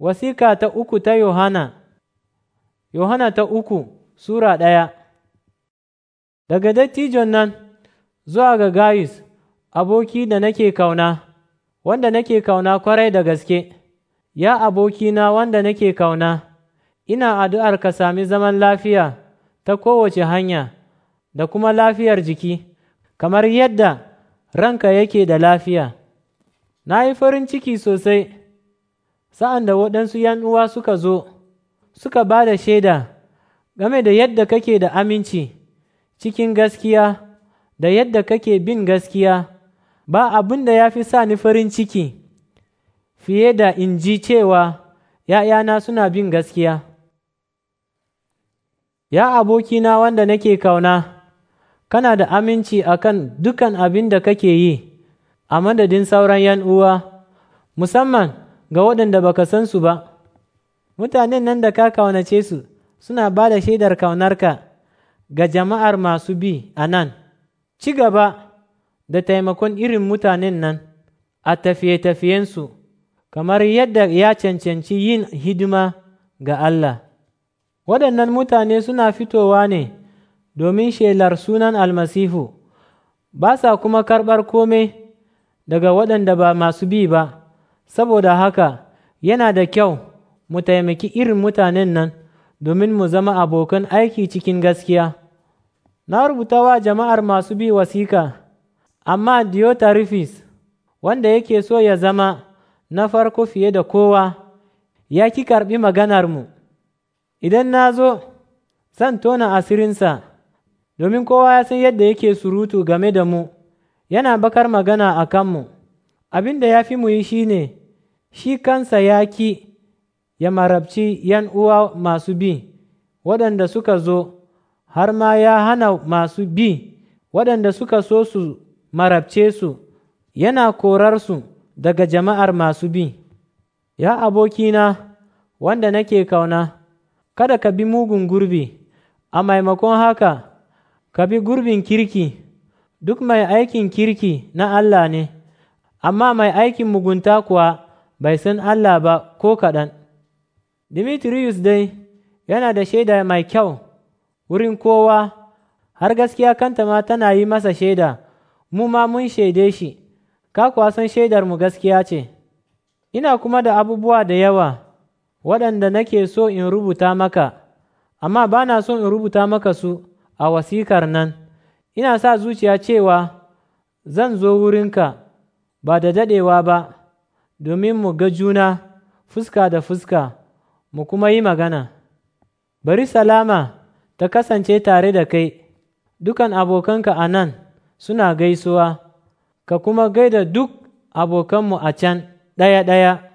Wasika ta uku ta Yohana Yohana ta uku Sura ɗaya Daga dattijon nan zuwa ga Gayus, aboki da nake kauna, wanda nake kauna kwarai da gaske, ya abokina wanda nake kauna, ina addu'ar ka sami zaman lafiya ta kowace hanya da kuma lafiyar jiki, kamar yadda ranka yake da lafiya. Na yi farin ciki sosai. sa'an da waɗansu ’yan uwa suka zo, suka ba da shaida game da yadda kake da aminci cikin gaskiya da yadda kake bin gaskiya, ba abin da ya fi sa ni farin ciki fiye da in ji cewa ‘ya'yana suna bin gaskiya. Ya abokina wanda nake kauna, kana da aminci akan dukan abin da kake yi a madadin sauran ‘yan uwa, musamman ga waɗanda baka san su ba mutanen nan da ka kaunace su suna ba da shaidar kaunarka ga jama'ar masu bi a nan ci gaba da taimakon irin mutanen nan a tafiye-tafiyensu kamar yadda ya cancanci yin hidima ga Allah waɗannan mutane suna fitowa ne domin shelar sunan almasihu ba sa kuma karɓar kome daga waɗanda ba masu bi ba saboda haka yana da kyau mu taimaki irin mutanen nan domin mu zama abokan aiki cikin gaskiya na rubuta wa jama'ar masu bi wasika amma diotarifis wanda yake so ya zama na farko fiye da kowa ya ki karɓi maganarmu idan na zo zan tona asirinsa domin kowa ya san yadda yake surutu game da mu yana bakar magana a kanmu abin da ya fi mu yi shine shi kansa ya ki ya marabci ’yan uwa masu bi, waɗanda suka zo, har ma ya hana masu bi, waɗanda suka so su marabce su, yana korar su daga jama'ar masu bi. Ya abokina, wanda nake kauna, kada ka bi mugun gurbi, a maimakon haka, ka bi gurbin kirki, duk mai aikin kirki na Allah ne, amma mai aikin mugunta kuwa bai san Allah ba ko kaɗan. Demetrius dai yana da shaida mai kyau wurin kowa, har gaskiya kanta ma tana yi masa shaida, mu ma mun shaide shi, ka kuwa san shaidarmu gaskiya ce. Ina kuma da abubuwa da yawa waɗanda nake so in rubuta maka, amma ba na so in rubuta maka su a wasikar nan, ina sa zuciya cewa zan zo wurinka ba da daɗewa ba. domin mu ga juna fuska da fuska mu kuma yi magana. Bari salama ta kasance tare da kai, dukan abokanka a nan suna gaisuwa, ka kuma gaida duk abokanmu a can ɗaya-ɗaya.